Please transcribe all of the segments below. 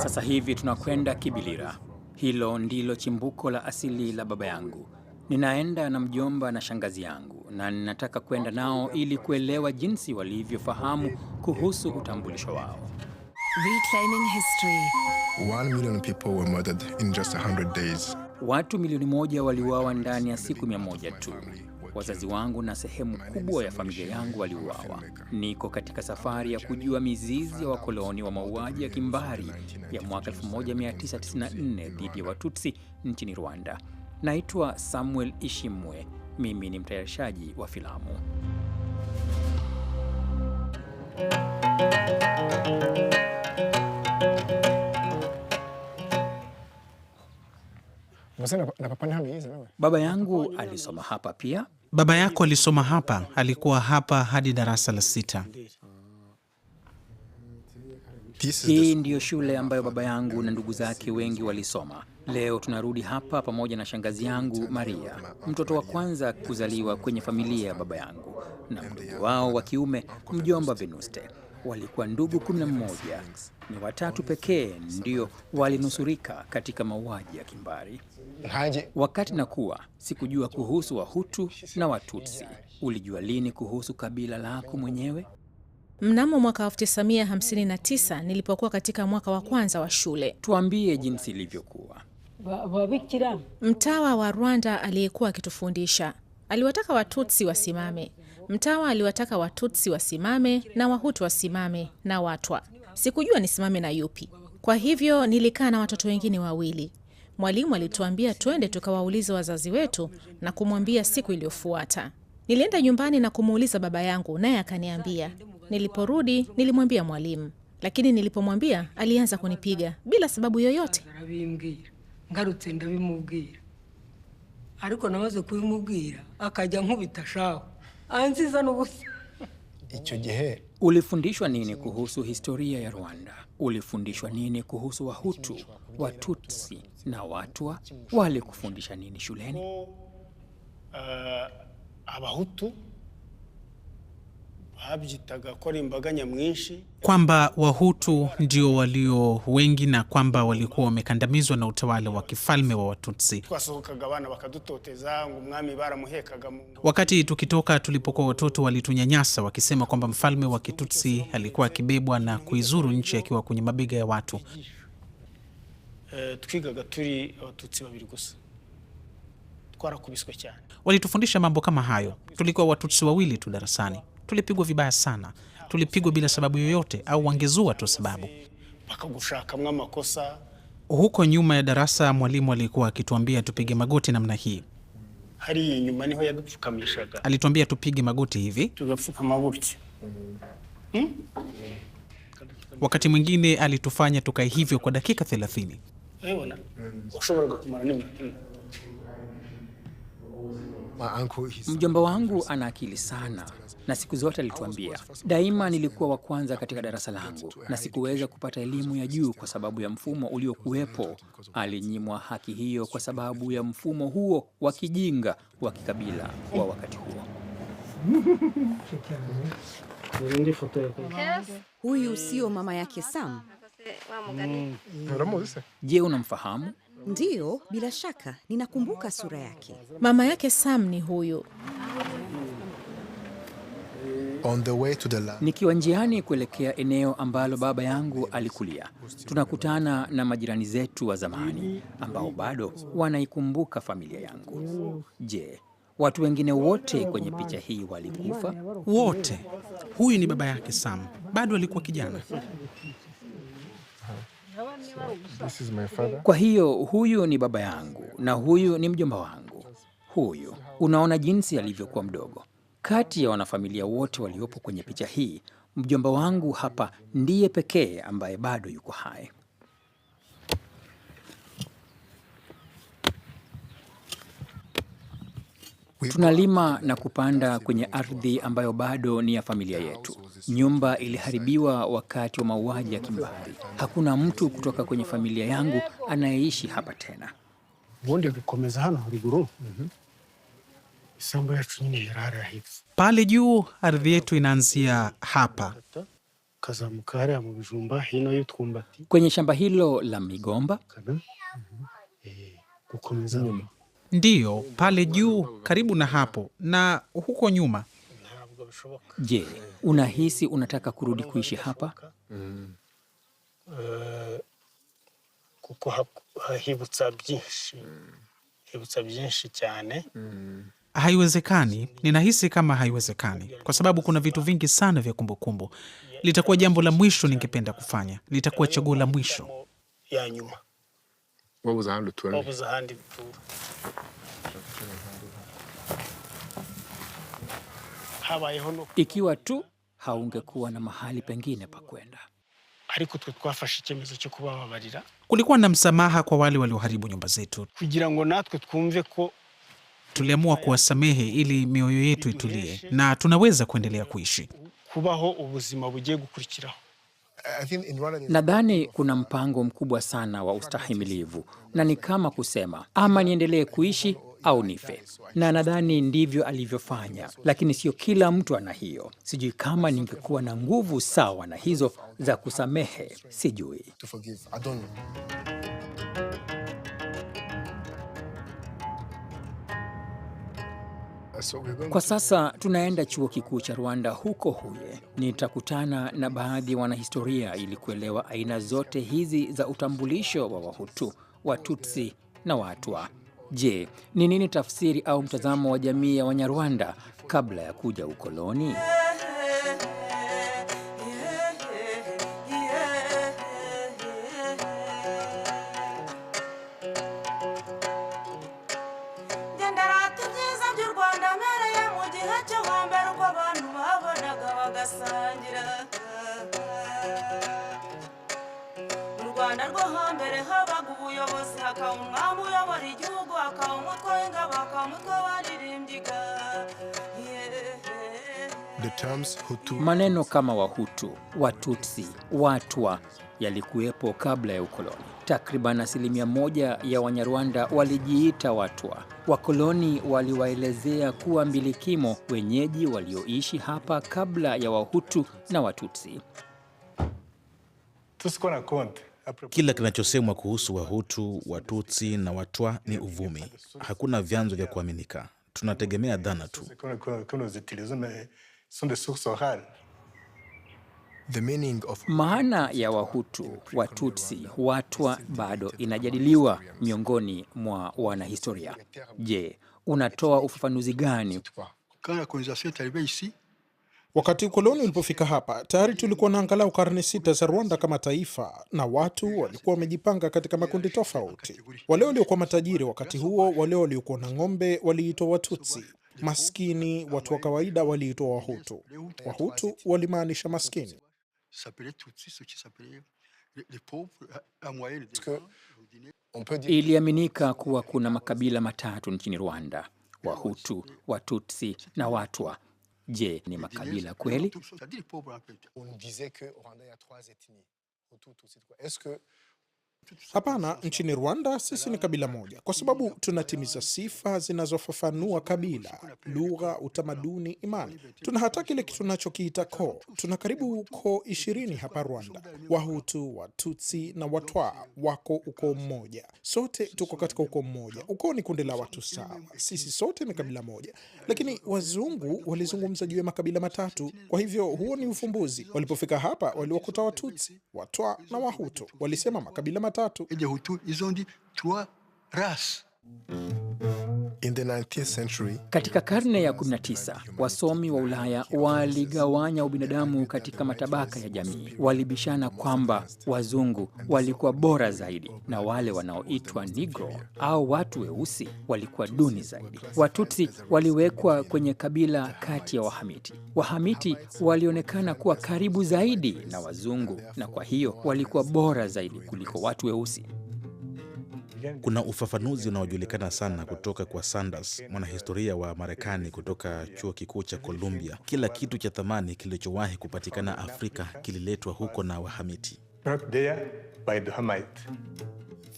Sasa hivi tunakwenda Kibilira. Hilo ndilo chimbuko la asili la baba yangu. Ninaenda na mjomba na shangazi yangu na ninataka kwenda nao ili kuelewa jinsi walivyofahamu kuhusu utambulisho wao. Reclaiming history. 1 million people were murdered in just 100 days. Watu milioni moja waliuawa ndani ya siku mia moja tu. Wazazi wangu na sehemu kubwa ya familia yangu waliuawa. Niko katika safari ya kujua mizizi ya wakoloni wa mauaji ya kimbari ya mwaka 1994 dhidi ya Watutsi nchini Rwanda. Naitwa Samuel Ishimwe, mimi ni mtayarishaji wa filamu. Baba yangu alisoma hapa pia. Baba yako alisoma hapa, alikuwa hapa hadi darasa la sita. Hii ndiyo shule ambayo baba yangu na ndugu zake wengi walisoma. Leo tunarudi hapa pamoja na shangazi yangu Maria, mtoto wa kwanza kuzaliwa kwenye familia ya baba yangu, na mdogo wao wa kiume, mjomba Venuste. Walikuwa ndugu 11. Ni watatu pekee ndio walinusurika katika mauaji ya kimbari. Wakati nakuwa sikujua kuhusu Wahutu na Watutsi. Ulijua lini kuhusu kabila lako mwenyewe? Mnamo mwaka 1959 nilipokuwa katika mwaka wa kwanza wa shule. Tuambie jinsi ilivyokuwa. Mtawa wa Rwanda aliyekuwa akitufundisha aliwataka Watutsi wasimame. Mtawa aliwataka Watutsi wasimame na Wahutu wasimame na Watwa. Sikujua nisimame na yupi, kwa hivyo nilikaa na watoto wengine wawili. Mwalimu alituambia twende tukawauliza wazazi wetu na kumwambia siku iliyofuata. Nilienda nyumbani na kumuuliza baba yangu, naye akaniambia. Niliporudi nilimwambia mwalimu, lakini nilipomwambia alianza kunipiga bila sababu yoyote. ngarutse ndabimubwira ariko namaze kubimubwira nkubita shaho anziza n'ubusa icyo gihe Ulifundishwa nini kuhusu historia ya Rwanda? Ulifundishwa nini kuhusu Wahutu, Watutsi na Watwa? Walikufundisha nini shuleni? Uh, abahutu babyitaga ko ari imbaga nyamwinshi, kwamba wahutu ndio walio wengi na kwamba walikuwa wamekandamizwa na utawala wa kifalme wa Watutsi. Wakati tukitoka tulipokuwa watoto, walitunyanyasa wakisema kwamba mfalme wa Kitutsi alikuwa akibebwa na kuizuru nchi akiwa kwenye mabega ya watu. Eh, twigaga turi Abatutsi babiri gusa twarakubiswe cyane. Walitufundisha mambo kama hayo. Tulikuwa Watutsi wawili tu darasani, tulipigwa vibaya sana, tulipigwa bila sababu yoyote, au wangezua tu sababu bakagushakamwo amakosa. Huko nyuma ya darasa, mwalimu alikuwa akituambia tupige magoti namna hii hari nyuma niho yadupfukamishaga, alituambia tupige magoti hivi tugapfukama hmm? Wakati mwingine alitufanya tukae hivyo kwa dakika thelathini. Mjomba wangu ana akili sana, na siku zote alituambia daima, nilikuwa wa kwanza katika darasa langu na sikuweza kupata elimu ya juu kwa sababu ya mfumo uliokuwepo. Alinyimwa haki hiyo kwa sababu ya mfumo huo wa kijinga wa kikabila wa wakati huo. Huyu sio mama yake Sam. Je, unamfahamu? Ndiyo, bila shaka ninakumbuka sura yake. Mama yake Sam ni huyu. On the way to the land. Nikiwa njiani kuelekea eneo ambalo baba yangu alikulia, tunakutana na majirani zetu wa zamani ambao bado wanaikumbuka familia yangu. Je, watu wengine wote kwenye picha hii walikufa? Wote. Huyu ni baba yake Sam, bado alikuwa kijana. Kwa hiyo huyu ni baba yangu na huyu ni mjomba wangu. Huyu unaona jinsi alivyokuwa mdogo. Kati ya wanafamilia wote waliopo kwenye picha hii, mjomba wangu hapa ndiye pekee ambaye bado yuko hai. Tunalima na kupanda kwenye ardhi ambayo bado ni ya familia yetu. Nyumba iliharibiwa wakati wa mauaji ya kimbari. Hakuna mtu kutoka kwenye familia yangu anayeishi hapa tena. Mm-hmm. Pale juu ardhi yetu inaanzia hapa kwenye shamba hilo la migomba Ndiyo, pale juu karibu na hapo na huko nyuma. Je, unahisi unataka kurudi kuishi hapa? Haiwezekani. Ninahisi kama haiwezekani kwa sababu kuna vitu vingi sana vya kumbukumbu. Litakuwa jambo la mwisho ningependa kufanya, litakuwa chaguo la mwisho ya nyuma. What was 120? What was 104? Ikiwa tu haungekuwa na mahali pengine pa kwenda. Kulikuwa na msamaha kwa wale walioharibu nyumba zetu. Tuliamua kuwasamehe ili mioyo yetu itulie na tunaweza kuendelea kuishi. kubaho ubuzima Nadhani kuna uh, mpango mkubwa sana wa ustahimilivu, na ni kama kusema ama niendelee kuishi au nife, na nadhani ndivyo alivyofanya, lakini sio kila mtu ana hiyo. Sijui kama ningekuwa na nguvu sawa na hizo za kusamehe, sijui. Kwa sasa tunaenda chuo kikuu cha Rwanda huko Huye. Nitakutana na baadhi ya wanahistoria ili kuelewa aina zote hizi za utambulisho wa Wahutu, Watutsi na Watwa. Je, ni nini tafsiri au mtazamo wa jamii ya Wanyarwanda kabla ya kuja ukoloni? tugasangira mu rwanda rwo hambere habaga ubuyobozi hakaba umwami uyobora igihugu hakaba umutwe w'ingabo hakaba umutwe Maneno kama Wahutu, Watutsi, Watwa yalikuwepo kabla ya ukoloni. Takriban asilimia moja ya Wanyarwanda walijiita Watwa. Wakoloni waliwaelezea kuwa mbilikimo wenyeji walioishi hapa kabla ya Wahutu na Watutsi. Kila kinachosemwa kuhusu Wahutu, Watutsi na Watwa ni uvumi. Hakuna vyanzo vya kuaminika, tunategemea dhana tu. Maana ya Wahutu, Watutsi, Watwa bado inajadiliwa miongoni mwa wanahistoria. Je, unatoa ufafanuzi gani? Wakati ukoloni ulipofika hapa, tayari tulikuwa na angalau karne sita za Rwanda kama taifa, na watu walikuwa wamejipanga katika makundi tofauti. Wale waliokuwa matajiri wakati huo, wale waliokuwa na ng'ombe waliitwa Watutsi, maskini watu wa kawaida waliitwa Wahutu. Wahutu walimaanisha maskini s'appelait Tutsi, ce qui s'appelait les les pauvres, euh, Amwaye, dire... Iliaminika kuwa kuna makabila matatu nchini Rwanda: Wahutu, Watutsi na Watwa. Je, ni makabila kweli? Hapana, nchini Rwanda sisi ni kabila moja, kwa sababu tunatimiza sifa zinazofafanua kabila: lugha, utamaduni, imani. Tuna hata kile tunachokiita koo. Tuna karibu koo ishirini hapa Rwanda. Wahutu, Watutsi na Watwa wako ukoo mmoja. Sote tuko katika ukoo mmoja. Ukoo ni kundi la watu sawa, sisi sote ni kabila moja, lakini wazungu walizungumza juu ya makabila matatu. Kwa hivyo huo ni ufumbuzi. Walipofika hapa, waliwakuta Watutsi, Watwa na Wahutu, walisema makabila matatu matatu. tatu. Et de retour, ils ont dit trois races. Century, katika karne ya 19 wasomi wa Ulaya waligawanya ubinadamu katika matabaka ya jamii. Walibishana kwamba wazungu walikuwa bora zaidi na wale wanaoitwa Negro au watu weusi walikuwa duni zaidi. Watutsi waliwekwa kwenye kabila kati ya Wahamiti. Wahamiti walionekana kuwa karibu zaidi na wazungu na kwa hiyo walikuwa bora zaidi kuliko watu weusi. Kuna ufafanuzi unaojulikana sana kutoka kwa Sanders, mwanahistoria wa Marekani kutoka chuo kikuu cha Columbia: kila kitu cha thamani kilichowahi kupatikana Afrika kililetwa huko na Wahamiti.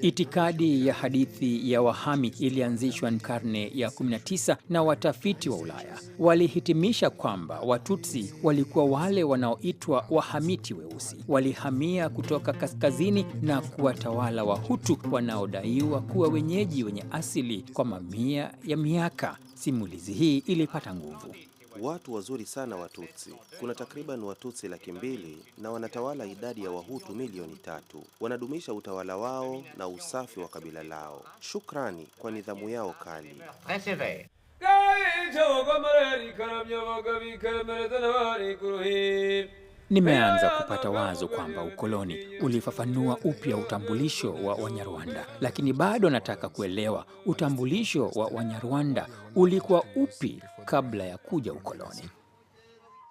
Itikadi ya hadithi ya wahami ilianzishwa karne ya 19 na watafiti wa Ulaya walihitimisha kwamba Watutsi walikuwa wale wanaoitwa wahamiti weusi, walihamia kutoka kaskazini na kuwatawala Wahutu wanaodaiwa kuwa wenyeji wenye asili kwa mamia ya miaka. Simulizi hii ilipata nguvu Watu wazuri sana Watutsi. Kuna takriban Watutsi laki mbili na wanatawala idadi ya Wahutu milioni tatu. Wanadumisha utawala wao na usafi wa kabila lao. Shukrani kwa nidhamu yao kali nimeanza kupata wazo kwamba ukoloni ulifafanua upya utambulisho wa Wanyarwanda, lakini bado nataka kuelewa utambulisho wa Wanyarwanda ulikuwa upi kabla ya kuja ukoloni.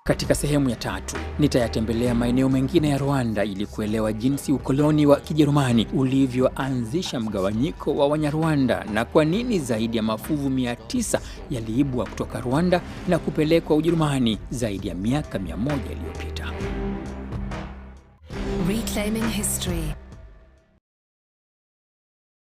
Katika sehemu ya tatu nitayatembelea maeneo mengine ya Rwanda ili kuelewa jinsi ukoloni wa Kijerumani ulivyoanzisha mgawanyiko wa Wanyarwanda na kwa nini zaidi ya mafuvu mia tisa yaliibwa kutoka Rwanda na kupelekwa Ujerumani zaidi ya miaka mia moja iliyopita. Reclaiming History.